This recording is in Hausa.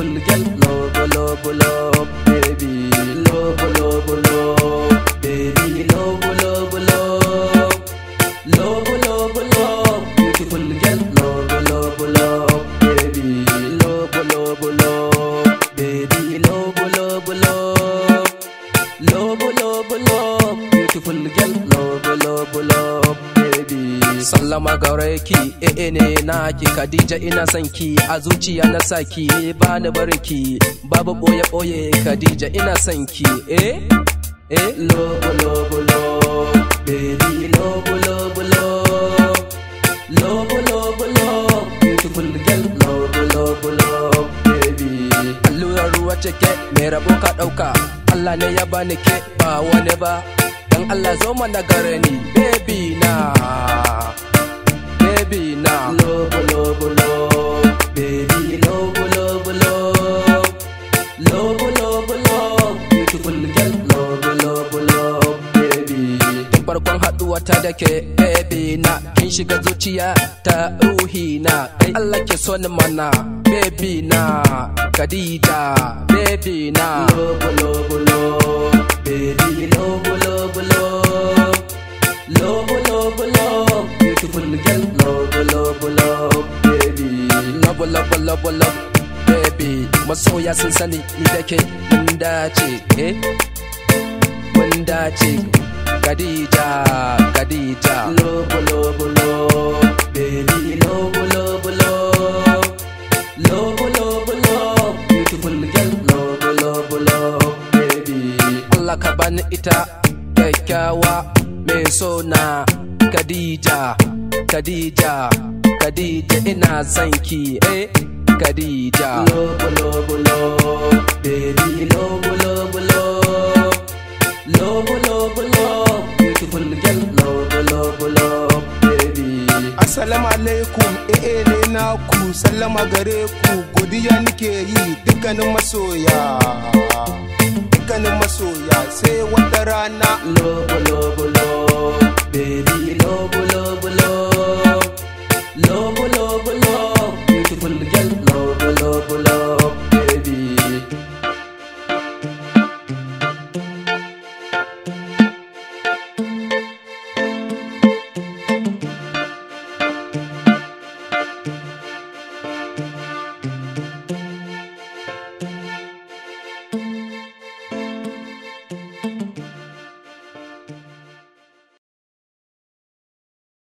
beautiful girl love, love, love, baby love, love, love, baby love, love, love, love, love, love, beautiful girl love, love, love, baby love, love, love, baby love, love, love, love, love, love, beautiful girl love, love, lobo baby sallama gaure ki eh, eh ne na ki khadija ina son ki a zuciya na saki eh, ba ni barki babu boye boye khadija ina son ki eh eh lobo lobo lo baby lobo lobo lo lobo lobo lo beautiful girl lobo lobo lo baby allurar ruwa take me rabo ka dauka Allah ne ya bani ke ba wani ba dan Allah zo mana garani baby na baby na lobo lobo lo baby lobo lobo lo lobo lobo lo beautiful girl lobo lobo lo baby tun farkon haduwa ta da ke baby na kin shiga zuciya ta ruhi na kai Allah ke son mana baby na Khadija baby na lobo lobo lo beautiful girl. Love, love, love, baby. Love, love, love, love, baby. Masoya sun sani ni da ke mun dace, eh? Mun dace. Khadija, Khadija. Love, love, love, baby. Love, love, love. Love, love, love, beautiful girl. Love, love, love, baby. Allah ka bani ita kyakkyawa mai sona Khadija. kadija, kadija ina son ki eh Kadija. lobo lobo lobo baby lobo lobo lobo lobo lobo lobo beautiful girl lobo lobo lobo baby assalamu alaikum eh, eh ne ku. sallama gare ku godiya nike yi dukkanin masoya dukkanin masoya sai wata rana lobo lobo lobo baby lobo lobo